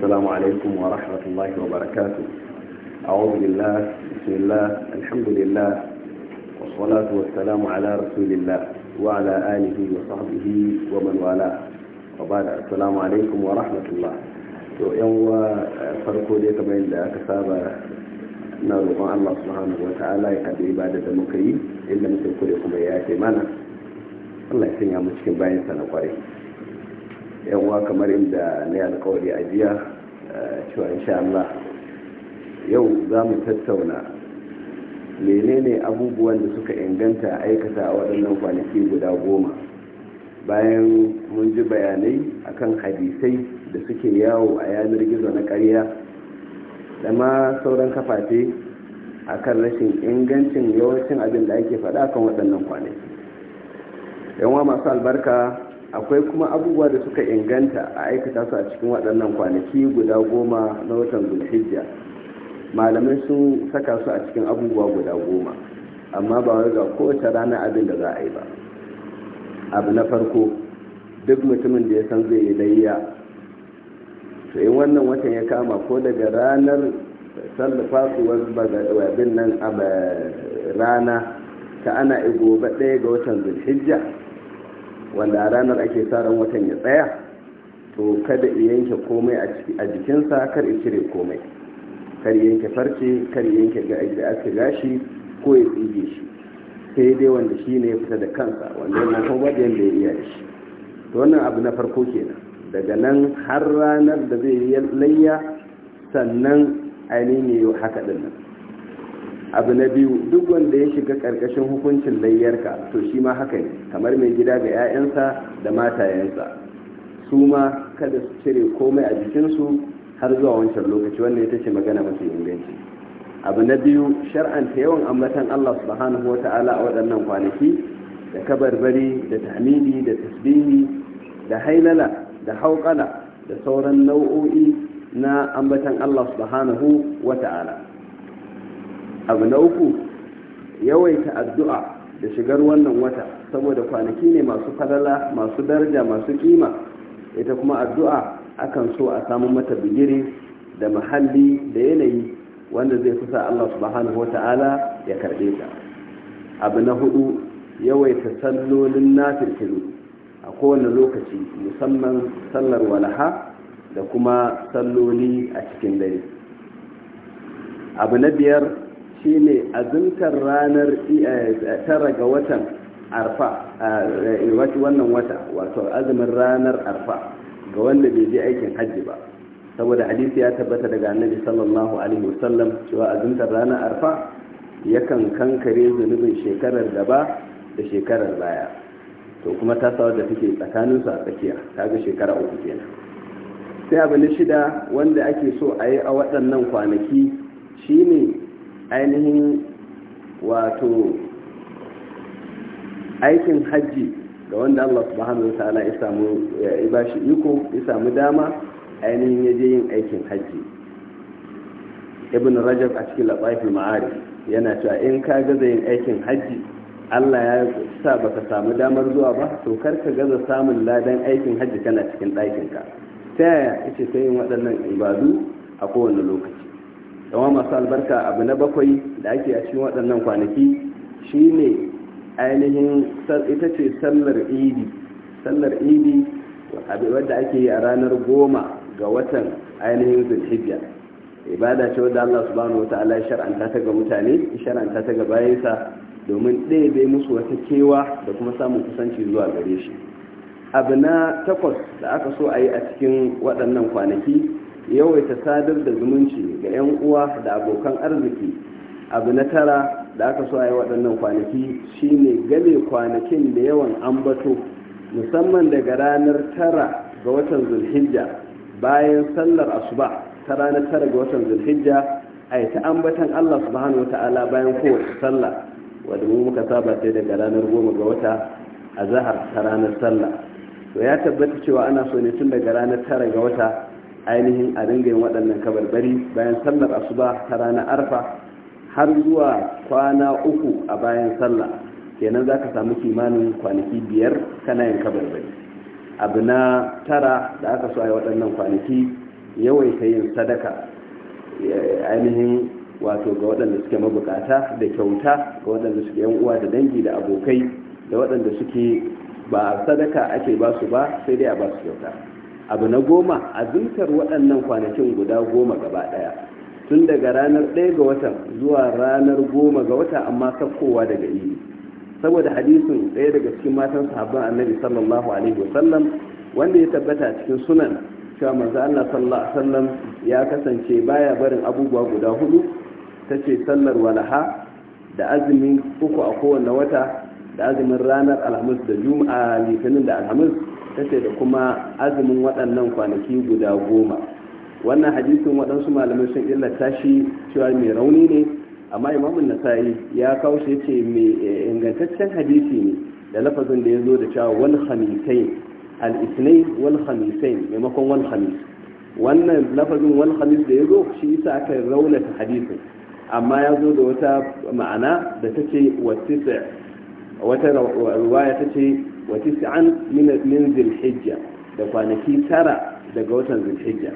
السلام عليكم ورحمة الله وبركاته أعوذ بالله بسم الله الحمد لله والصلاة والسلام على رسول الله وعلى آله وصحبه ومن والاه وبعد السلام عليكم ورحمة الله to yanwa farko dai kamar yadda aka saba na roƙon Allah subhanahu wa ta'ala ya kaɗe ibada da muka yi inda muka kure kuma ya ce mana Allah sanya mu bayan na kwarai yawa kamar inda na yi alkawari a jiya eh, cewa insha Allah yau za mu tattauna menene abubuwan da suka inganta aikata a waɗannan kwanaki guda goma bayan mun ji bayanai akan hadisai da suke yawo a yanar gizo na ƙarya da ma sauran kafafe kan rashin ingancin yawancin abin da ake faɗa kan waɗannan kwanaki yawan masu albarka akwai kuma abubuwa da suka inganta a aikata su a cikin waɗannan kwanaki guda goma na watan zulhijja malamai sun saka su a cikin abubuwa guda goma amma ba wai ga kowace rana abin da za a yi ba abu na farko duk mutumin da ya san zai yi layya to in wannan watan ya kama ko daga ranar sallafasuwar bagabin nan a rana ta ana igoba ɗaya ga watan zulhijja wanda a ranar ake sa ran watan ya tsaya to kada ya yanke komai a jikinsa kar ya cire komai kar ya yanke farce kar ya yanke da aka gashi ko ya tsige shi sai dai wanda shi ne ya fita da kansa wanda yana kan wadda yadda ya iya shi to wannan abu na farko kenan daga nan har ranar da zai yi layya sannan ainihin ne haka dinnan. abu na biyu duk wanda ya shiga karkashin hukuncin layyarka to shi ma haka ne kamar mai gida ga 'ya'yansa da matayensa su ma kada su cire komai a jikinsu har zuwa wancan lokaci wannan ita ce magana mafi inganci abu na biyu shar'anta yawan ambatan allah subhanahu wa ta'ala a waɗannan kwanaki da kabarbari da tahmidi da tasbihi da hailala da hauƙala da sauran nau'o'i na ambatan allah subhanahu wa ta'ala abu na uku yawaita addu'a da shigar wannan wata saboda kwanaki ne masu falala masu daraja masu kima ita kuma addu'a akan so a samu mata bigiri da mahalli da yanayi wanda zai kusa Allah subhanahu ta'ala ya karbe ta abu na hudu yawaita sallolin nafilfilu a kowane lokaci musamman sallar walaha da kuma salloli a cikin dare abu na biyar shine azumtar ranar tara ga watan arfa wannan wata wato azumin ranar arfa ga wanda bai je aikin hajji ba saboda hadisi ya tabbata daga annabi sallallahu alaihi wasallam cewa azumtar ranar arfa yakan kankare zunubin shekarar gaba da shekarar baya to kuma ta sawar da take tsakaninsu a tsakiya kaga shekara uku kenan sai abu na shida wanda ake so a yi a waɗannan kwanaki shine ainihin wato aikin hajji ga wanda Allah subhanahu wa ta'ala ya samu ya bashi iko ya samu dama ainihin ya je yin aikin hajji ibn rajab a cikin labafi ma'arif yana cewa in ka gaza yin aikin hajji Allah ya sa baka samu damar zuwa ba to kar ka gaza samun ladan aikin hajji kana cikin ɗakinka ta yaya ita ta yin waɗannan ibadu a kowane lokaci dawa masu albarka abu na bakwai da ake a cikin waɗannan kwanaki shine ainihin ita ce sallar idi sallar idi wadda ake yi a ranar goma ga watan ainihin zulhijja ibada ce wadda Allah subhanahu wata ya shar'anta ta ga mutane shar'anta ta ga bayansa domin ɗaya bai musu wata kewa da kuma samun kusanci zuwa gare shi abu na takwas da aka so a yi a cikin waɗannan kwanaki yawaita sadar da zumunci ga 'yan uwa da abokan arziki abu na tara da aka so a yi waɗannan kwanaki shine game kwanakin da yawan ambato musamman daga ranar tara ga watan zulhijja bayan sallar asuba ta ranar tara ga watan zulhijja a yi ta ambatan allah subhanahu wata'ala bayan kowace sallah wadda mu muka saba sai daga ranar goma ga wata a ta ranar sallah to ya tabbata cewa ana so ne tun daga ranar tara ga wata ainihin a dinga yin waɗannan kabarbari bayan sallar asuba ta rana arfa har zuwa kwana uku a bayan sallah kenan za ka samu kimanin kwanaki biyar kana yin kabarbari abu na tara da aka so a yi waɗannan kwanaki yawai yawaita yin sadaka ainihin wato ga waɗanda suke mabukata da kyauta ga waɗanda suke yan uwa da dangi da abokai da waɗanda suke ba sadaka ake ba su ba sai dai a ba su kyauta abu na goma azumtar waɗannan kwanakin guda goma gaba ɗaya tun daga ranar ɗaya ga watan zuwa ranar goma ga wata amma sakkowa daga iri saboda hadisin ɗaya daga cikin matan sahabban annabi sallallahu alaihi wasallam wanda ya tabbata cikin sunan cewa manzo Allah sallallahu alaihi wasallam ya kasance baya barin abubuwa guda hudu tace sallar walaha da azumin uku a kowane wata da azumin ranar alhamis da juma'a litinin da alhamis tace da kuma azumin waɗannan kwanaki guda goma wannan hadisin waɗansu malamai sun illata shi cewa mai rauni ne amma imamun nasa'i ya kawo shi ce mai eh, ingantaccen hadisi ne da lafazin da ya zo da cewa wal khamisain al isnai wal khamisain maimakon wal khamis wannan lafazin wal khamis da ya zo shi yasa aka raunata hadisin amma ya zo da wata ma'ana da ta ce wata ruwaya ta ce wa tis'an min hijja da kwanaki tara daga watan hijja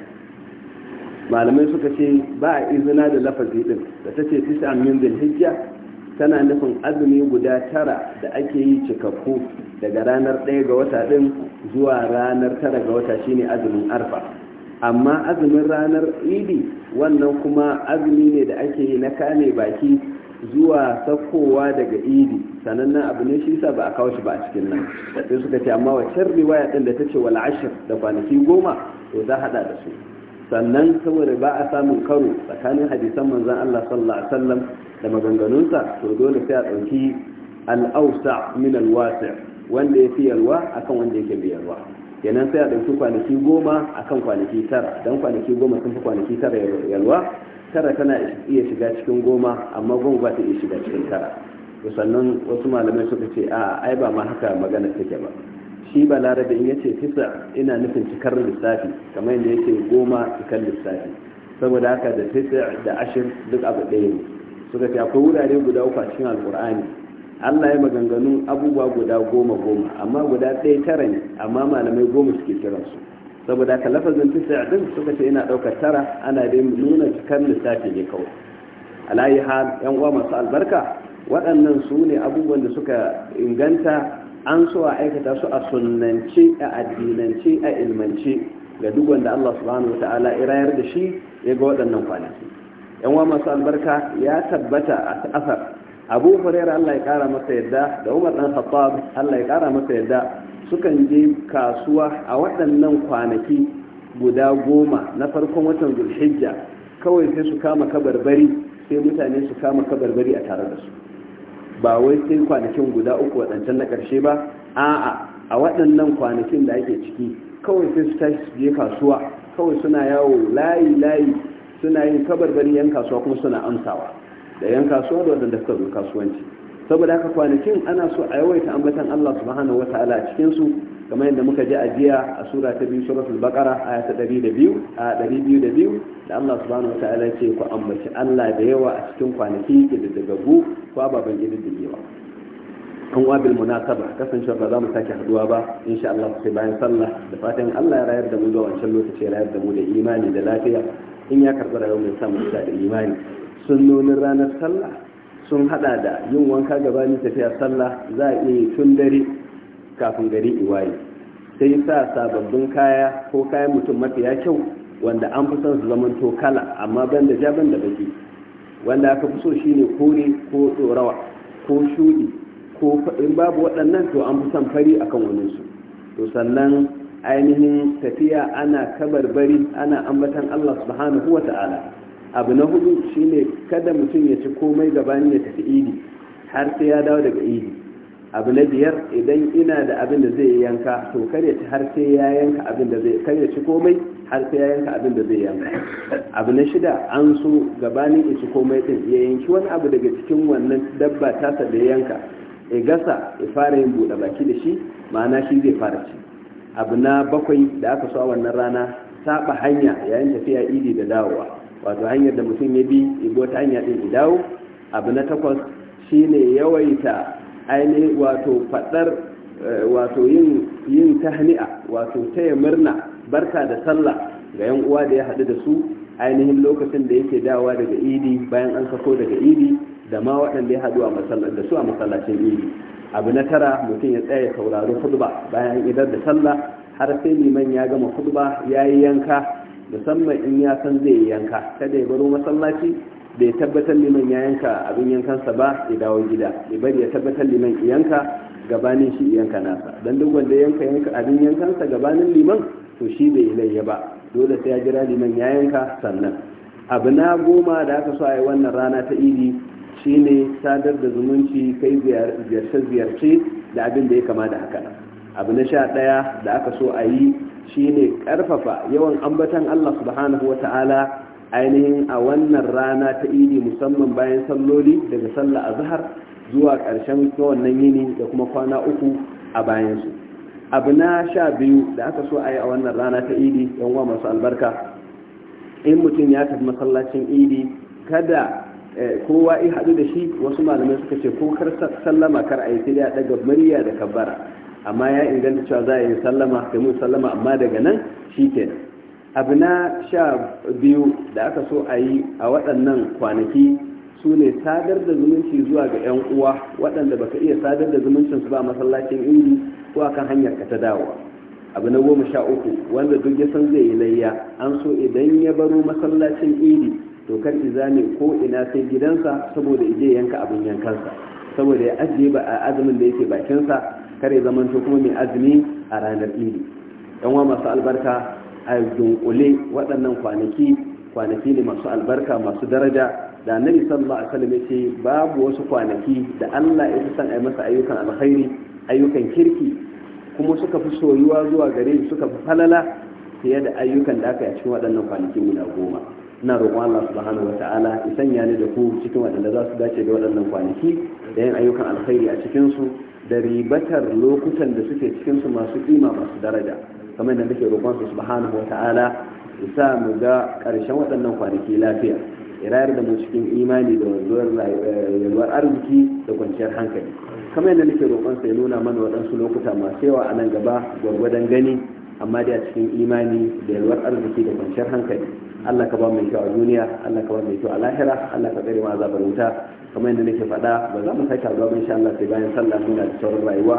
malamai suka ce ba a izina da lafazi din da ta ce tis'an min hijja tana nufin azumi guda tara da ake yi cikakku daga ranar ɗaya ga wata din zuwa ranar tara ga wata shine azumin arfa amma azumin ranar idi wannan kuma azumi ne da ake yi na kame baki zuwa sakowa daga idi sanannen abu ne shi sa ba a kawo shi ba a cikin nan sai suka ce amma wacce riwaya din da ta ce wal ashir da kwanaki goma to za hada da su sannan saboda ba a samun karo tsakanin hadisan manzon Allah sallallahu alaihi wasallam da maganganunsa to dole sai a dauki al awsa min al wasi wanda yafi yalwa akan wanda yake bi yalwa kenan sai a dauki kwanaki goma akan kwanaki tara dan kwanaki goma sun fi kwanaki tara yalwa tara tana iya shiga cikin goma amma goma ba ta iya shiga cikin tara sannan wasu malamai suka ce a ai ba ma haka magana take ba shi ba larabin ya ce tisa ina nufin cikar lissafi kamar yadda yace goma cikar lissafi saboda haka da tisa da ashir duk abu ɗaya ne suka ce akwai wurare guda uku a cikin alkur'ani allah ya maganganu abubuwa guda goma goma amma guda ɗaya tara ne amma malamai goma suke kiransu saboda ka lafazin tisa din suka ce yana ɗaukar tara ana da nuna cikar lissafi ne kawai alayi hal yan uwa masu albarka waɗannan su ne abubuwan da suka inganta an so a aikata su a sunnance a addinance a ilmance ga duk wanda Allah subhanahu wa ta'ala irayar da shi ya ga waɗannan kwanaki yan uwa masu albarka ya tabbata a asar abu hurairah Allah ya kara masa yadda da umar dan khattab Allah ya kara masa yadda sukan je kasuwa a waɗannan kwanaki guda goma na farkon watan zulhijja kawai sai su kama kabarbari sai mutane su kama kabarbari a tare da su ba wai sai kwanakin guda uku waɗancan na ƙarshe ba a'a a waɗannan kwanakin da ake ciki kawai sai su tashi su je kasuwa kawai suna yawo layi layi suna yin kabarbari yan kasuwa kuma suna amsawa da yan kasuwa da waɗanda suka zo kasuwanci saboda haka kwanakin ana so a yawaita ambatan Allah subhanahu ta'ala a cikin su kamar yadda muka ji a jiya a sura ta biyu suratul baqara aya ta biyu, a 202 da Allah subhanahu ta'ala ce ku ambaci Allah da yawa a cikin kwanaki kididdigaggu ko ababen kididdigewa an wabil munasaba kasancewa ba za mu sake haduwa ba insha Allah sai bayan sallah da fatan Allah ya rayar da mu zuwa wancan lokaci ya rayar da mu da imani da lafiya in ya karɓi rayuwar mai samu da imani sunnonin ranar sallah sun hada da yin wanka gabanin tafiya sallah za a iya tun dare kafin gari iwaye sai sa sababbin kaya ko kayan mutum mafiya kyau wanda an fi son su zaman to kala amma ban da jaban da baki wanda aka fi so shine kore ko tsorawa ko shudi ko in babu waɗannan to an fi son fari akan wani su to sannan ainihin tafiya ana kabar bari ana ambatan Allah subhanahu wa ta'ala abu na hudu shine kada mutum ya ci komai gabanin ya tafi idi har sai ya dawo daga idi abu na biyar idan ina da abin da zai yanka to kada ya ci har sai ya yanka abin da zai kada ci komai har sai ya yanka abin da zai yanka abu na shida an so gabanin ya ci komai din ya yanki wani abu daga cikin wannan dabba tasa da ya yanka ya gasa ya fara yin buɗe baki da shi ma'ana shi zai fara ci abu na bakwai da aka so a wannan rana saba hanya yayin tafiya idi da dawowa wato hanyar da mutum ya bi ibo ta hanya din dawo abu na takwas shine yawaita aini wato fadar eh, wato yin yin tahni'a wato taya murna barka da sallah ga yan uwa da ya haɗu da su ainihin lokacin da yake dawowa daga idi bayan an sako daga idi da ma waɗanda ya haɗu da su a masallacin idi abu na tara mutum ya tsaya saurari hudba bayan idar da sallah har sai liman ya gama hudba ya yi yanka musamman in ya san zai yanka kada ya baro masallaci bai tabbatar liman ya yanka abin yankansa ba ya dawo gida ya bari ya tabbatar liman yanka gabanin shi yanka nasa dan duk wanda yanka yanka abin yankansa gabanin liman to shi bai ilayya ba dole sai ya jira liman ya yanka sannan abu na goma da aka so a yi wannan rana ta idi shine sadar da zumunci kai ziyarce ziyarce da abin da ya kama da haka abu na sha ɗaya da aka so a yi shine karfafa yawan ambatan Allah subhanahu wa ta'ala ainihin a wannan rana ta idi musamman bayan salloli daga sallah zahar zuwa ƙarshen wannan yini da kuma kwana uku a bayansu su abu na sha biyu da aka so a yi a wannan rana ta idi yan wa masu albarka in mutum ya tafi masallacin idi kada eh, kowa ya haɗu da shi wasu malamai suka ce ko kar sallama kar a yi sai ya ɗaga murya da kabbara amma ya inganta cewa za a yi sallama kai mun sallama amma daga nan shi ke abu na sha biyu da aka so a yi a waɗannan kwanaki su ne sadar da zumunci zuwa ga 'yan uwa waɗanda baka iya sadar da zumuncin su ba masallacin indi ko a kan hanyar ka ta dawowa abu na goma sha uku wanda duk ya san zai yi layya an so idan ya baro masallacin idi to kar izami ko ina sai gidansa saboda ije yanka abin yankansa saboda ya ajiye ba a azumin da yake bakinsa kare to kuma mai azumi a ranar idi yan wa masu albarka a dunkule waɗannan kwanaki kwanaki ne masu albarka masu daraja da annabi sallallahu alaihi wasallam yace babu wasu kwanaki da Allah ya san ai masa ayyukan alkhairi ayyukan kirki kuma suka fi soyuwa zuwa gare suka fi falala fiye da ayyukan da aka yi cikin waɗannan kwanaki guda goma ina roƙon Allah subhanahu wata'ala ya sanya da ku cikin waɗanda za su dace da waɗannan kwanaki da yin ayyukan alkhairi a cikin su da ribatar lokutan da suke cikin su masu kima masu daraja kamar da nake roƙon su subhanahu wata'ala su sa mu ga ƙarshen waɗannan kwanaki lafiya irayar da mu cikin imani da eh, yalwar arziki da kwanciyar hankali kamar yadda nake roƙon sa ya nuna mana waɗansu lokuta masu yawa a nan gaba gwargwadon gani amma dai cikin imani da yalwar arziki da kwanciyar hankali Allah ka ba mu kyau a duniya Allah ka ba mu kyau a lahira Allah ka tsare mu azabar wuta kamar yadda nake faɗa ba za mu sake haɗuwa ba insha Allah sai bayan sallah mun da sauran rayuwa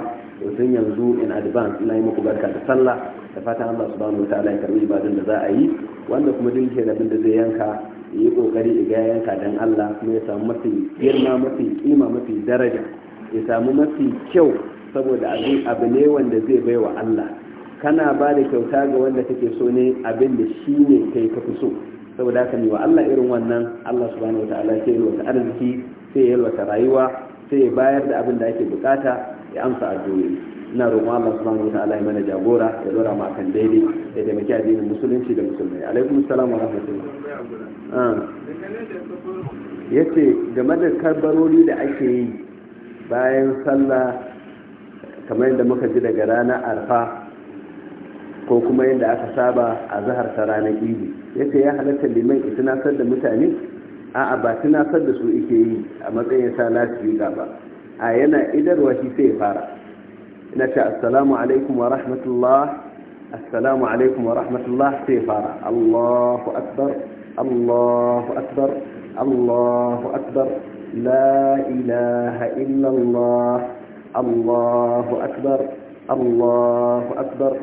sun yanzu in advance ina yi muku barka da sallah da fatan Allah subhanahu wa ta'ala ya karbi ibadun da za a yi wanda kuma duk ke da da zai yanka yi kokari ga yanka dan Allah kuma ya samu mafi girma mafi kima mafi daraja ya samu mafi kyau saboda abu ne wanda zai baiwa Allah kana ba da kyauta ga wanda take so ne abin da shi ne kai ka fi so saboda haka ne wa Allah irin wannan Allah subhanahu wa ta'ala sai yalwata arziki sai yalwata rayuwa sai ya bayar da abin da ake bukata ya amsa addu'o'i ina roƙon Allah subhanahu wa ta'ala ya mana jagora ya dora mu akan daidai ya taimaki addinin musulunci da musulmai alaikum assalam wa rahmatullah yace game da karbarori da ake yi bayan sallah kamar yadda muka ji daga ranar arfa ko kuma yadda aka saba a zahar ta ranar idi ya ce ya halatta liman ya tunasar da mutane a'a ba tunasar da su ike yi a matsayin sa lati ba a yana idarwa shi sai fara ina ce assalamu alaikum wa rahmatullah assalamu alaikum wa rahmatullah sai fara allahu akbar allahu akbar allahu akbar la ilaha illallah allahu akbar allahu akbar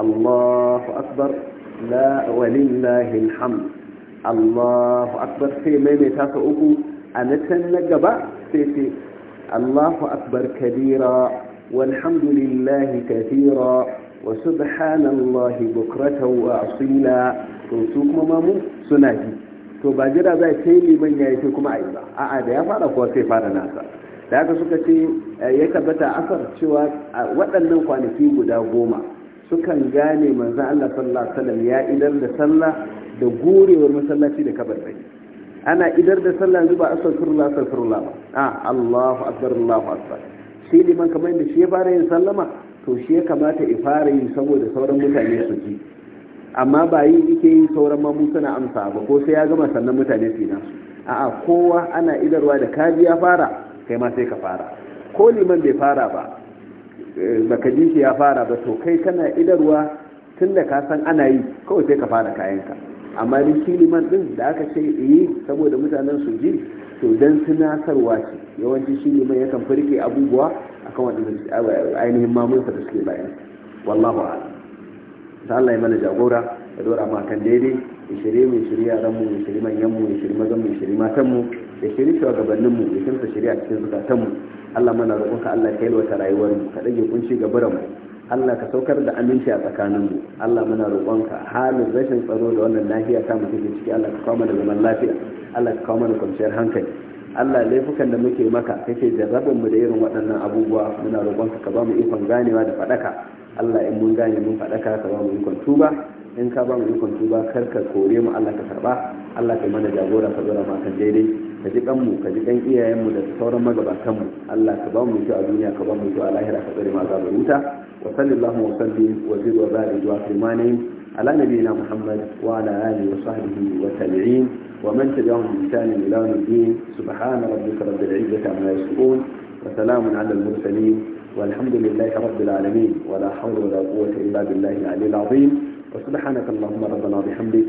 الله أكبر لا ولله الحمد الله أكبر في ميمي تاسو أكو أنا تنقبا في في الله أكبر كبيرا والحمد لله كثيرا وسبحان الله بكرة وأصيلا تنسوك مامو سناجي to ba jira zai sai liman ya yi kuma a yi ba a'a da ya fara kuwa sai fara nasa da haka suka ce ya tabbata asar cewa waɗannan kwanaki guda goma sukan gane manzo Allah sallallahu alaihi wasallam ya idar da sallah da gurewar masallaci da dai ana idar da sallah yanzu ba astaghfirullah astaghfirullah ba a Allahu akbar Allahu akbar shi liman kamar yadda shi ya fara yin sallama to shi ya kamata ya fara yi saboda sauran mutane su ji amma ba yi yake yin sauran mamu suna amsa ba ko sai ya gama sannan mutane su nasu a'a kowa ana idarwa da kaji ya fara kai ma sai ka fara ko liman bai fara ba Eh, baka ji shi ya fara ba to kai kana idarwa tun da ka san ana yi kawai sai ka fara kayan ka amma ni kiliman din da aka ce yi saboda mutanen su ji to dan tunasarwa ce yawanci shi mai yakan farke abubuwa akan wadanda ainihin mamunsa da suke bayan wallahu a'lam ta Allah ya mana jagora ya dora ma kan daidai ya shirye mu shirye yaran mu ya shirye manyan mu ya shirye mazan mu ya shirye matan mu ya shirye shugabannin mu ya shirye cikin zukatan mu Allah mana roƙonka Allah ka yalwata rayuwar mu ka dage kunci ga bara mu Allah ka saukar da aminci a tsakanin mu Allah mana roƙonka halin rashin tsaro da wannan lafiya ta mu take ciki Allah ka kawo mana zaman lafiya Allah ka kawo mana kwanciyar hankali Allah laifukan da muke maka kake jarrabin mu da irin waɗannan abubuwa muna roƙonka ka ba mu ikon ganewa da faɗaka Allah in mun gane mun faɗaka ka ba mu ikon tuba in ka ba mu ikon tuba kar ka kore mu Allah ka karba Allah ka mana jagora ka zura ma daidai ka ji kanmu ka ji kan iyayenmu da sauran magabatanmu Allah ka ba mu a duniya ka ba mu a lahira ka tsare mu azabar wuta wa sallallahu wa sallim wa zid wa barik wa akrimani ala nabiyina muhammad wa ala alihi wa sahbihi wa tabi'in wa man tabi'ahum bi ihsan ila yawm الدين سبحان ربك رب العزة عما يصفون وسلام على المرسلين والحمد لله رب العالمين ولا حول ولا قوة إلا بالله العلي العظيم وسبحانك اللهم ربنا وبحمدك